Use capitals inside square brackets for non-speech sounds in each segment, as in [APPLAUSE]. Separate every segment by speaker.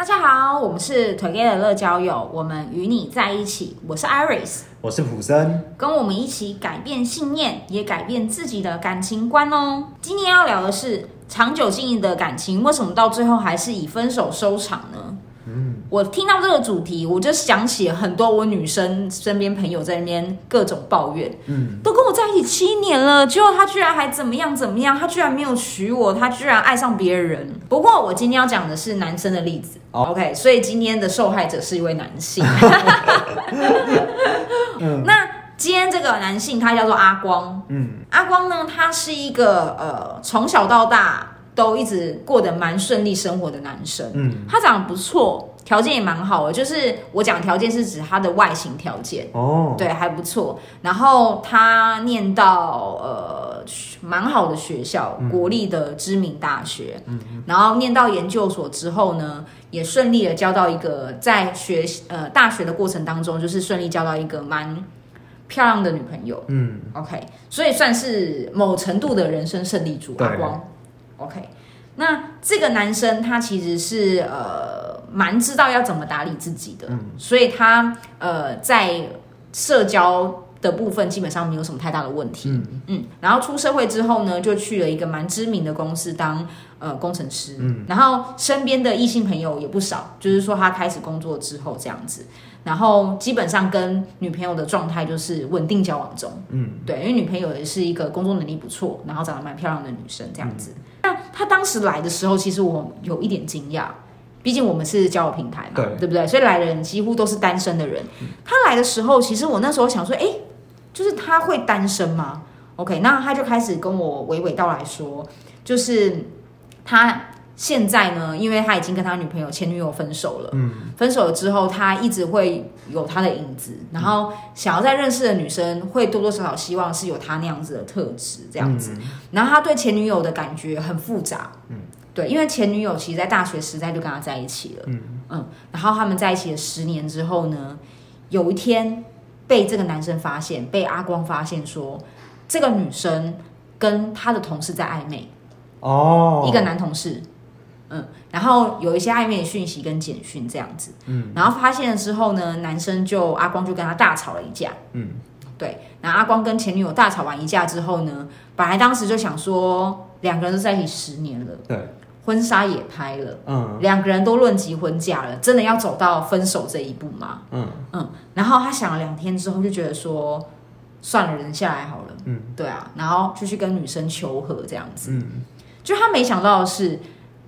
Speaker 1: 大家好，我們是 Together 樂交友，我們與你在一起。我是 Iris，我是普森，跟我們一起改變信念，也改變自己的感情觀哦。今天要聊的是，長久經營的感情，為什麼到最後還是以分手收場呢？我聽到這個主題，我就想起很多我女生身邊朋友在那邊各種抱怨。嗯，都跟我在一起七年了，結果他居然還怎麼樣怎麼樣，他居然沒有娶我，他居然愛上別人。不過我今天要講的是男生的例子，Oh，OK，所以今天的受害者是一位男性，那今天這個男性他叫做阿光，嗯，阿光呢，他是一個呃，從小到大。都一直過得蠻順利生活的男生，嗯，他長得不錯，條件也蠻好的，就是我講條件是指他的外形條件哦，對，還不錯。然後他念到呃蠻好的學校，嗯、國立的知名大學，嗯，然後念到研究所之後呢，也順利的交到一個在學呃大學的過程當中，就是順利交到一個蠻漂亮的女朋友，嗯，OK，所以算是某程度的人生勝利組對、啊、光。OK，那這個男生他其實是呃蠻知道要怎麼打理自己的，嗯，所以他呃在社交的部分基本上沒有什麼太大的問題。嗯，嗯，然後出社會之後呢，就去了一個蠻知名的公司當呃工程師。嗯，然後身邊的異性朋友也不少，就是說他開始工作之後這樣子，然後基本上跟女朋友的狀態就是穩定交往中。嗯，對，因為女朋友也是一個工作能力不錯，然後長得蠻漂亮的女生這樣子。嗯他當時來的時候，其實我有一點驚訝，畢竟我們是交友平台嘛，對，對不對？所以來的人幾乎都是單身的人。嗯、他來的時候，其實我那時候想說，哎、欸，就是他會單身嗎？OK，那他就開始跟我娓娓道來說，就是他。現在呢，因為他已經跟他女朋友、前女友分手了。嗯，分手了之後，他一直會有他的影子，然後想要再認識的女生，會多多少少希望是有他那樣子的特質這樣子。嗯，然後他對前女友的感覺很複雜。嗯，對，因為前女友其實在大學時代就跟他在一起了。嗯，嗯，然後他們在一起了十年之後呢，有一天被這個男生發現，被阿光發現說，說這個女生跟他的同事在曖昧。
Speaker 2: 哦，一個男同
Speaker 1: 事。嗯，然後有一些曖昧訊息跟簡訊這樣子，嗯，然後發現了之後呢，男生就阿光就跟他大吵了一架，嗯，對，然後阿光跟前女友大吵完一架之後呢，本來當時就想說，兩個人都在一起十年
Speaker 2: 了，
Speaker 1: 對，婚紗也拍了，嗯，兩個人都論及婚嫁了，真的要走到分手這一步嗎？嗯，嗯，然後他想了兩天之後就覺得說算了，忍下來好了，嗯，對啊，然後就去跟女生求和這樣子，
Speaker 2: 嗯，
Speaker 1: 就他沒想到的是。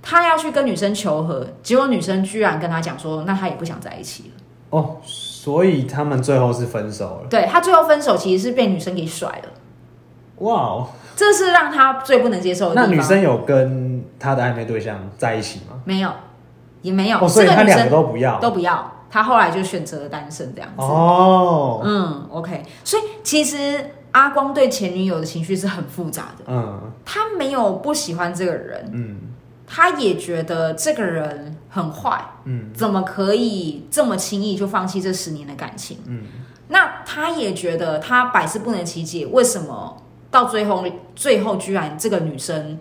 Speaker 1: 他要去跟女生求和，結果女生居然跟他講說：“那他也不想在一起
Speaker 2: 了。”哦，所以他們最後是分手了。
Speaker 1: 對，他最後分手其實是被女生給甩了。哇哦 Wow！這是讓他最不能接受的地方。那女生
Speaker 2: 有跟他的曖昧對象在一起嗎？
Speaker 1: 沒有，也沒有。Oh, 這個，所以他兩個都不要，都不要。他後來就選擇了單身這樣子。哦、oh. 嗯，嗯，OK。所以其實阿光對前女友的情緒是很複雜的。嗯，他沒有不喜歡這個人。嗯。他也覺得這個人很壞，嗯，怎麼可以這麼輕易就放棄這十年的感情，嗯，那他也覺得他百思不能其解，為什麼到最後最後居然這個女生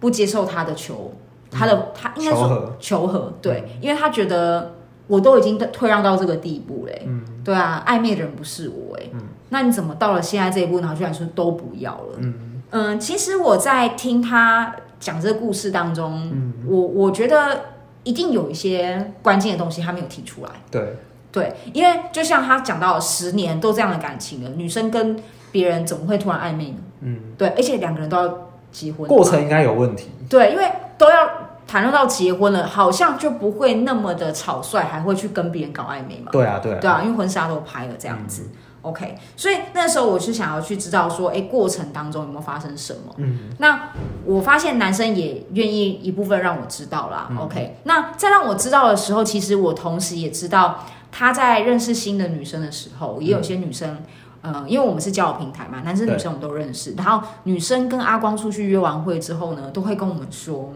Speaker 1: 不接受他的求，他的他應該說求和、求和，嗯、對，因為他覺得我都已經退讓到這個地步嘞、欸，嗯，對啊，曖昧的人不是我、欸，哎、嗯，那你怎麼到了現在這一步呢？然後居然說都不要了，嗯嗯，其實我在聽他講這個故事當中，嗯、我我覺得一定有一些關鍵的東西他沒有提出來。對對，因為就像他講到十年都這樣的感情了，女生跟別人怎麼會突然曖昧呢？嗯，對，而且兩個人都要結婚，過
Speaker 2: 程應該有問題。
Speaker 1: 對，因為都要談論到結婚了，好像就不會那麼的草率，還會去跟別人搞曖昧嘛，對啊，對啊，對，對啊，因為婚紗都拍了這樣子。嗯 OK，所以那時候我是想要去知道說，哎、欸，過程當中有沒有發生什麼？嗯，那我發現男生也願意一部分讓我知道啦。嗯、OK，那在讓我知道的時候，其實我同時也知道他在認識新的女生的時候，也有些女生，嗯、呃，因為我們是交友平台嘛，男生對女生我們都認識。然後女生跟阿光出去約完會之後呢，都會跟我們說，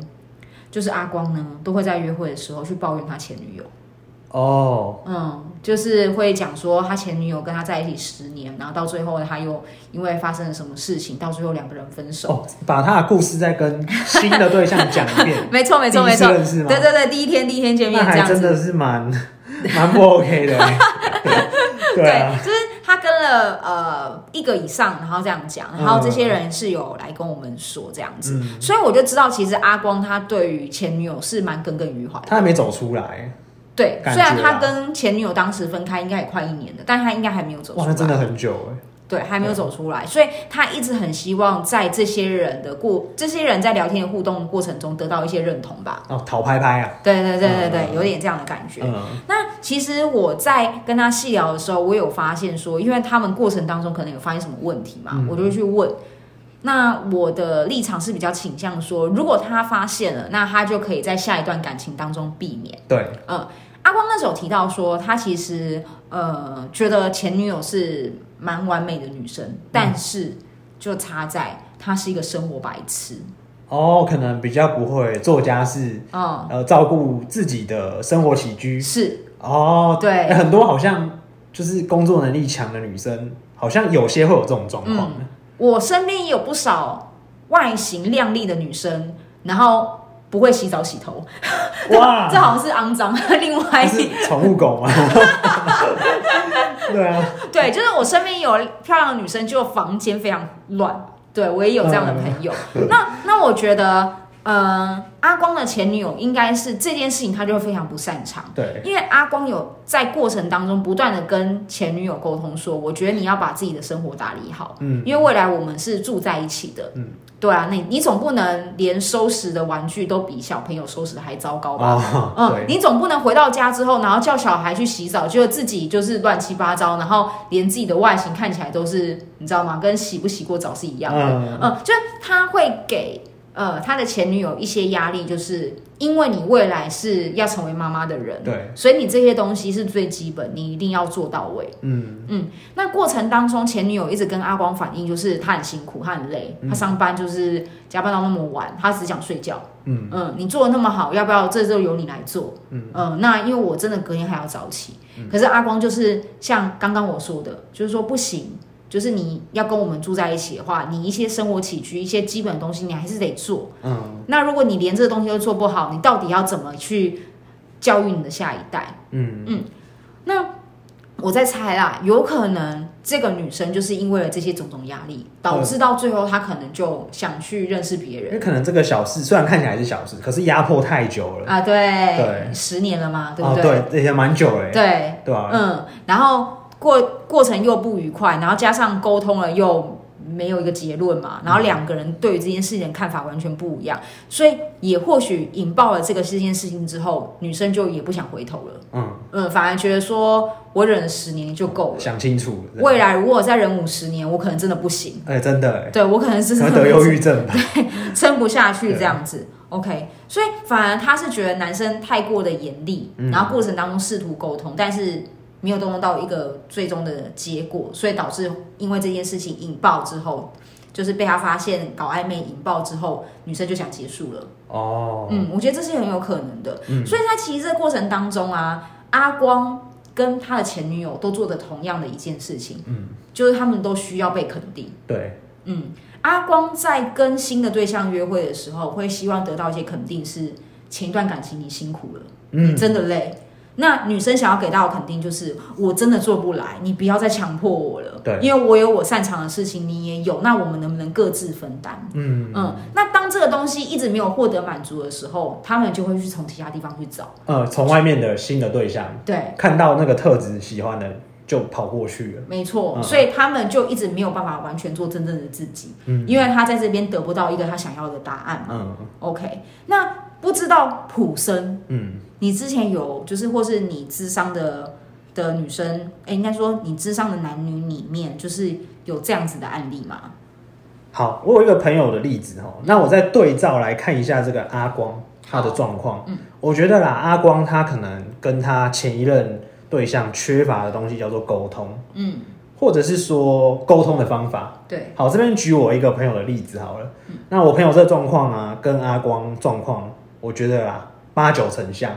Speaker 1: 就是阿光呢都會在約會的時候去抱怨他前女友。
Speaker 2: 哦，
Speaker 1: 嗯。就是會講說他前女友跟他在一起十年，然後到最後他又因為發生了什麼事情，到最後兩個人分手，
Speaker 2: 哦。把他的故事再跟新的對象講一遍。 [LAUGHS]
Speaker 1: 沒錯，沒錯，沒錯，對對對，第一天第一天見面這，那還真
Speaker 2: 的是蠻蠻不 OK 的。對，就是
Speaker 1: 他跟了呃一個以上，然後這樣講，然後這些人是有來跟我們說這樣子，嗯、所以我就知道其實阿光他對於前女友是蠻耿耿於懷，他還沒
Speaker 2: 走出來。
Speaker 1: 對，雖然他跟前女友當時分開應該也快一年了，但他應該還沒有走出來。哇，那真的很久哎、欸。對，還沒有走出來，對所以他一直很希望在這些人的過，這些人在聊天的互動過程中得到一些認同吧。
Speaker 2: 哦，討拍拍啊。
Speaker 1: 對對對對對，嗯嗯，有點這樣的感覺。嗯嗯，那其實我在跟他細聊的時候，我有發現說，因為他們過程當中可能有發現什麼問題嘛，嗯嗯，我就會去問。那我的立場是比較傾向說，如果他發現了，那他就可以在下一段感情當中避免。對，嗯。阿光那時候提到說，他其實呃覺得前女友是蠻完美的女生，但是就差在她是一個生活白痴，
Speaker 2: 嗯。哦，可能比較不會做家事、嗯、呃，照顧自己的生活起居是。哦，對，很多好像就是工作能力強的女生，好像有些會有這種狀況，
Speaker 1: 嗯。我身邊也有不少外形靚麗的女生，然後。不會洗澡、洗頭，哇，這好像是骯髒。另外
Speaker 2: 寵物狗啊， [LAUGHS] 對
Speaker 1: 啊，對，就是我身邊有漂亮的女生，就房間非常亂。對，我也有這樣的朋友。嗯、那 [LAUGHS] 那我覺得。嗯，阿光的前女友應該是這件事情，他就非常不擅長。對，因為阿光有在過程當中不斷的跟前女友溝通說，說我覺得你要把自己的生活打理好。嗯，因為未來我們是住在一起的。嗯，對啊，你你總不能連收拾的玩具都比小朋友收拾的還糟糕吧？哦、嗯，你總不能回到家之後，然後叫小孩去洗澡，就自己就是亂七八糟，然後連自己的外形看起來都是你知道嗎？跟洗不洗過澡是一樣的、嗯。嗯，就是他會給。呃，他的前女友一些壓力，就是因為你未來是要成為媽媽的人，對，所以你這些東西是最基本，你一定要做到位。嗯嗯，那過程當中，前女友一直跟阿光反映，就是他很辛苦，他很累，嗯、他上班就是加班到那麼晚，他只想睡覺。嗯嗯、呃，你做的那麼好，要不要這週由你來做？嗯嗯、呃，那因為我真的隔天還要早起，可是阿光就是像剛剛我說的，就是說不行。就是你要跟我們住在一起的話，你一些生活起居、一些基本東西，你還是得做。嗯。那如果你連這個東西都做不好，你到底要怎麼去教育你的下一代？嗯嗯。那我在猜啦，有可能這個女生就是因為了這些種種壓力，導致到最後她可能就想去認識別人、嗯。因為可
Speaker 2: 能這個小事雖然看起來是小事，可是壓迫太久了
Speaker 1: 啊！對對，十年了嘛，對不對？哦、對，這
Speaker 2: 些蠻久誒、欸。對對
Speaker 1: 啊，嗯，然後。過過程又不愉快，然後加上溝通了又沒有一個結論嘛，然後兩個人對於這件事情的看法完全不一樣，所以也或許引爆了這個事件事情之後，女生就也不想回頭
Speaker 2: 了。
Speaker 1: 嗯嗯，反而覺得說我忍了十年就夠了，嗯，想清楚未來如果再忍五十年，我可能真的不行。哎，欸，
Speaker 2: 真的，欸。對我可能是真的得憂鬱症
Speaker 1: 吧，撐不下去這樣子。對 OK，所以反而他是覺得男生太過的嚴厲，嗯，然後過程當中試圖溝通，但是。沒有動用到一個最終的結果，所以導致因為這件事情引爆之後，就是被他發現搞曖昧引爆之後，女生就想結束
Speaker 2: 了。哦，oh. 嗯，
Speaker 1: 我覺得這是很有可能的。嗯，所以在其實這個過程當中啊，阿光跟他的前女友都做的同樣的一件事情。嗯，就是他們都需要被肯定。
Speaker 2: 對，
Speaker 1: 嗯，阿光在跟新的對象約會的時候，會希望得到一些肯定，是前一段感情你辛苦了，嗯，真的累。那女生想要給到的肯定就是，我真的做不來，你不要再強迫我了。對，因為我有我擅長的事情，你也有，那我們能不能各自分擔？嗯嗯。那當這個東西一直沒有獲得滿足的時候，他們就會去從其他地方去找。
Speaker 2: 呃，從外面的新的對象。就對。看到那個特質喜歡的就跑過去了。沒
Speaker 1: 錯錯，嗯、所以他們就一直沒有辦法完全做真正的自己，嗯、因為他在這邊得不到一個他想要的答案嘛嗯。OK，那不知道普森，嗯。你之前有就是，或是你諮商的的女生，哎、欸，應該說你諮商的男女裡面，就是有這樣子的案例嗎？
Speaker 2: 好，我有一個朋友的例子哦，嗯、那我再對照來看一下這個阿光他的狀況。嗯、我覺得啦，阿光他可能跟他前一任對象缺乏的東西叫做溝通，嗯，或者是說溝通的方法。對，好，這邊舉我一個朋友的例子好了。嗯、那我朋友這狀況啊，跟阿光狀況，我覺得啊。八九成像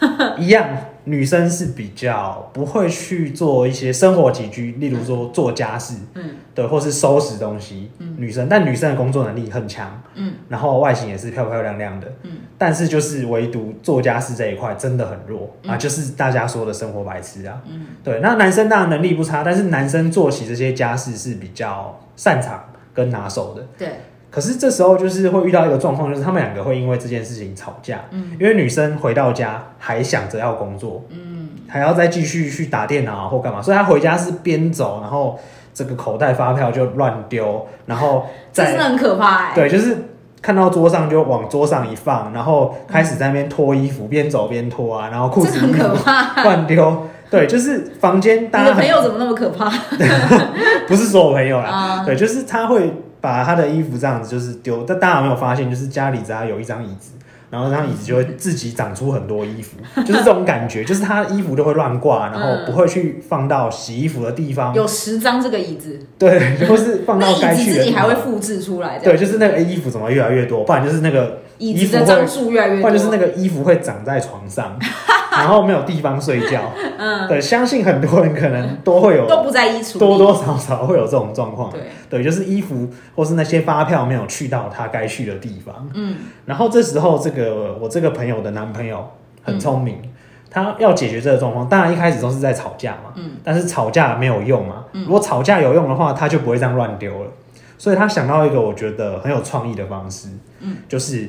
Speaker 2: [LAUGHS] 一樣，女生是比較不會去做一些生活起居，例如說做家事，嗯、對，或是收拾東西，嗯、女生，但女生的工作能力很強，嗯、然後外形也是漂漂亮亮的，嗯、但是就是唯獨做家事這一塊真的很弱啊，嗯、就是大家說的生活白痴啊，嗯、對，那男生當然能力不差，但是男生做起這些家事是比較擅長跟拿手的，對。可是這時候就是會遇到一個狀況，就是他們兩個會因為這件事情吵架。嗯，因為女生回到家還想着要工作，
Speaker 1: 嗯，
Speaker 2: 還要再繼續去打電腦或幹嘛，所以她回家是邊走，然後這個口袋發票就亂丟，然後這是很可怕、欸。對，就是看到桌上就往桌上一放，然後開始在那邊脫衣服，邊、嗯、走邊脫啊，然後褲子很可怕、亂丟、欸。對，就是房間。你的朋友怎
Speaker 1: 麼那麼可怕？
Speaker 2: 對 [LAUGHS] 不是說我朋友啦，啊、對，就是他會。把他的衣服這樣子就是丟，但大家有沒有發現，就是家裡只要有一張椅子，然後那張椅子就會自己長出很多衣服， [LAUGHS] 就是這種感覺，就是他的衣服就會亂掛，然後不會去放到洗衣服的地方。有
Speaker 1: 十張這個椅子，
Speaker 2: 對，就是放到該去的地方， [LAUGHS] 那椅子自己還
Speaker 1: 會複製出來。對，就是
Speaker 2: 那個衣服怎麼越來越多，不然就是那個衣服會椅子的張數越來越多，不然就是那個衣服會長在床上。 [LAUGHS] 然後沒有地方睡覺， [LAUGHS] 嗯，對，相信很多人可能都會有，都不在衣櫥，多多少少會有這種狀況、啊，對，對，就是衣服或是那些發票沒有去到他該去的地方，嗯，然後這時候這個我這個朋友的男朋友很聰明，嗯、他要解決這個狀況，當然一開始都是在吵架嘛，嗯、但是吵架沒有用嘛，嗯、如果吵架有用的話，他就不會這樣亂丟了，所以他想到一個我覺得很有創意的方式，嗯、就是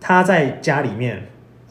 Speaker 2: 他在家裡面。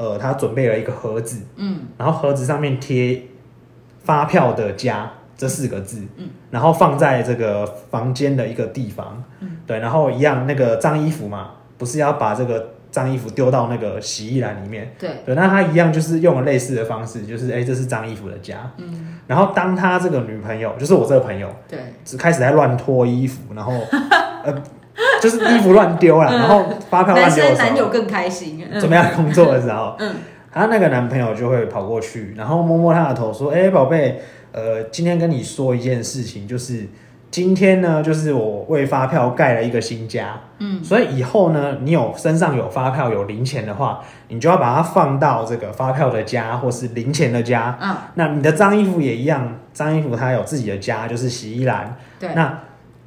Speaker 2: 呃，他準備了一個盒子，嗯，然後盒子上面貼“發票的家”嗯、這四個字，嗯，然後放在這個房間的一個地方，嗯、對，然後一樣那個髒衣服嘛，不是要把這個髒衣服丟到那個洗衣籃裡面，對對，那他一樣就是用了類似的方式，就是誒，這是髒衣服的家，嗯，然後當他這個女朋友，就是我這個朋友，對，開始在亂脫衣服，然後。 [LAUGHS] 呃 [LAUGHS] 就是衣服亂丟啦，嗯、然後發票亂丟。男生男友
Speaker 1: 更開心，準備要工作的
Speaker 2: 時候？她他、嗯嗯啊、那個男朋友就會跑過去，然後摸摸他的頭，說：“哎，寶貝，呃，今天跟你說一件事情，就是今天呢，就是我為發票蓋了一個新家。嗯、所以以後呢，你有身上有發票有零錢的話，你就要把它放到這個發票的家，或是零錢的家。嗯、那你的髒衣服也一樣，髒衣服它有自己的家，就是洗衣籃。對，那。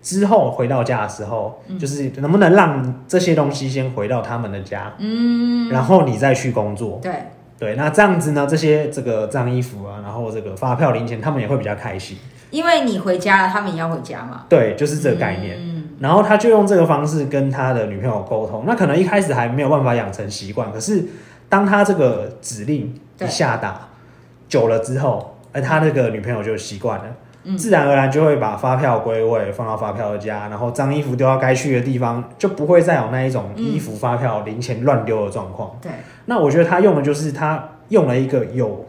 Speaker 2: 之後回到家的時候，嗯、就是能不能讓這些東西先回到他們的家，嗯，然後你再去工作，對對，那這樣子呢，這些這個髒衣服啊，然後這個發票零錢，他們也會比較開心，
Speaker 1: 因為你回家了，他們也要回家嘛，
Speaker 2: 對，就是這個概念，嗯，然後他就用這個方式跟他的女朋友溝通，那可能一開始還沒有辦法養成習慣，可是當他這個指令一下打對久了之後，而他那個女朋友就習慣了。自然而然就會把發票歸位，放到發票的家，然後髒衣服丟到該去的地方，就不會再有那一種衣服、發票、零錢亂丟的狀況。對，那我覺得他用的就是他用了一個有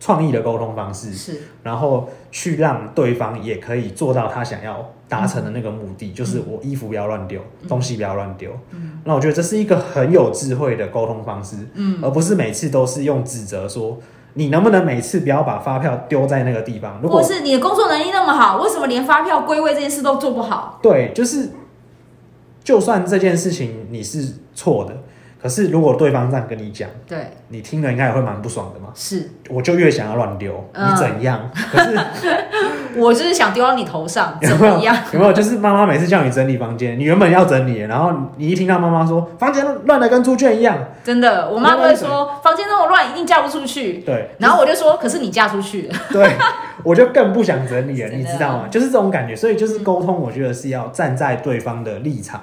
Speaker 2: 創意的溝通方式，是，然後去讓對方也可以做到他想要達成的那個目的，嗯，就是我衣服不要亂丟，嗯，東西不要亂丟。嗯，那我覺得這是一個很有智慧的溝通方式，嗯，而不是每次都是用指責說。你能不能每次不要把發票丟在那個地方？如果是
Speaker 1: 你的工作能力那麼好，為什麼連發票歸位這件事都做不好？
Speaker 2: 對，就是，就算這件事情你是錯的。可是，如果對方這樣跟你講，對，你聽了應該也會蠻不爽的嘛。是，我就越想要亂丟，嗯、你怎樣？可是
Speaker 1: [LAUGHS] 我就是想丟到你頭上，怎麼樣？有沒有？
Speaker 2: 就是媽媽每次叫你整理房間，你原本要整理，然後你一聽到媽媽說
Speaker 1: 房間亂的跟豬圈一樣，真的，我媽都會說房間那麼亂，一定嫁不出去。對，然後我就說，就是，可是你嫁出去， [LAUGHS]
Speaker 2: 對，我就更不想整理了，啊、你知道嗎？就是這種感覺。所以就是溝通，我覺得是要站在對方的立場。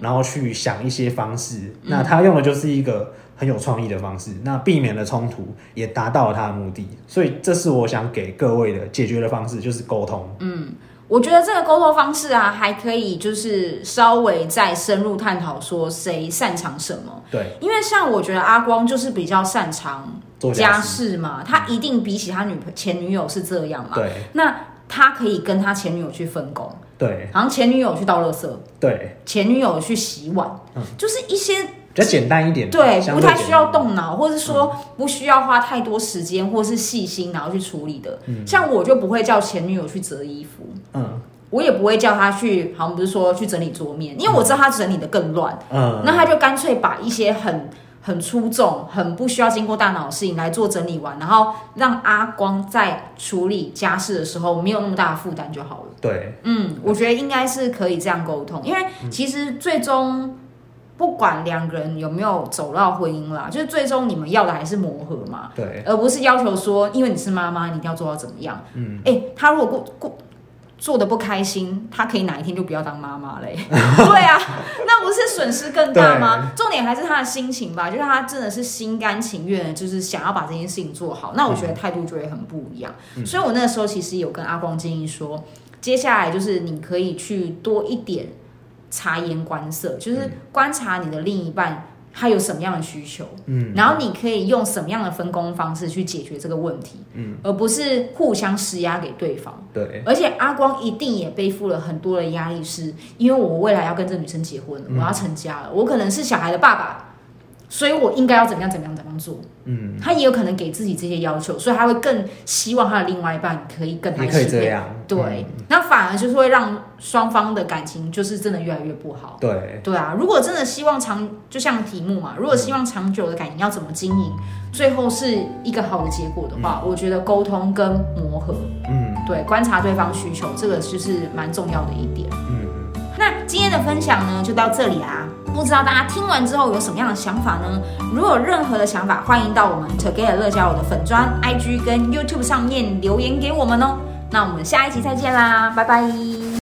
Speaker 2: 然後去想一些方式，嗯、那他用的就是一個很有創意的方式，嗯、那避免了衝突，也達到了他的目的，所以這是我想給各位的解決的方式，就是溝通。
Speaker 1: 嗯，我覺得這個溝通方式啊，還可以就是稍微再深入探討，說誰擅長什麼。對，因為像我覺得阿光就是比較擅長家事嘛，做家事。他一定比起他女朋前女友是這樣嘛。對，那。他可以跟他前女友去分工，
Speaker 2: 對，好像
Speaker 1: 前女友去倒垃圾，對，前女友去洗碗，嗯，就是一些比
Speaker 2: 較簡單一點，對，不太需要
Speaker 1: 動腦，或是說不需要花太多時間，或是細心然後去處理的。嗯，像我就不會叫前女友去折衣服，嗯，我也不會叫他去，好像不是說去整理桌面，因為我知道他整理得更亂，嗯，那他就乾脆把一些很。很粗重，很不需要經過大腦的事情來做整理完，然後讓阿光在處理家事的時候沒有那麼大的負擔就好
Speaker 2: 了。
Speaker 1: 對，嗯，我覺得應該是可以這樣溝通，嗯、因為其實最終不管兩個人有沒有走到婚姻啦，嗯、就是最終你們要的還是磨合嘛。對，而不是要求說，因為你是媽媽，你一定要做到怎麼樣？嗯，誒、欸，他如果過過。做的不開心，他可以哪一天就不要當媽媽嘞？ [LAUGHS] [LAUGHS] 對啊，那不是損失更大嗎？對重點還是他的心情吧，就是他真的是心甘情願，就是想要把這件事情做好。那我覺得態度就會很不一樣。嗯、所以我那時候其實有跟阿光建議說，嗯、接下來就是你可以去多一點察言觀色，就是觀察你的另一半。他有什麼樣的需求？嗯，然後你可以用什麼樣的分工方式去解決這個問題？嗯，而不是互相施壓給對方。對，而且阿光一定也背負了很多的壓力，是因為我未來要跟這女生結婚，我要成家了，嗯、我可能是小孩的爸爸，所以我應該要怎麼樣怎麼樣怎麼樣做。嗯，他也有可能給自己這些要求，所以他會更希望他的另外一半可以更開心。可以這樣，對。對、嗯，那反而就是會讓雙方的感情就是真的越來越不好。對對啊，如果真的希望長，就像題目嘛，如果希望長久的感情要怎麼經營，嗯、最後是一個好的結果的話，嗯、我覺得溝通跟磨合，嗯，對，觀察對方需求，這個就是蠻重要的一點。嗯，那今天的分享呢，就到這裡啊。不知道大家聽完之後有什麼樣的想法呢？如果有任何的想法，歡迎到我們 Together 樂交友的粉專、IG 跟 YouTube 上面留言給我們哦。那我們下一集再見啦，拜拜。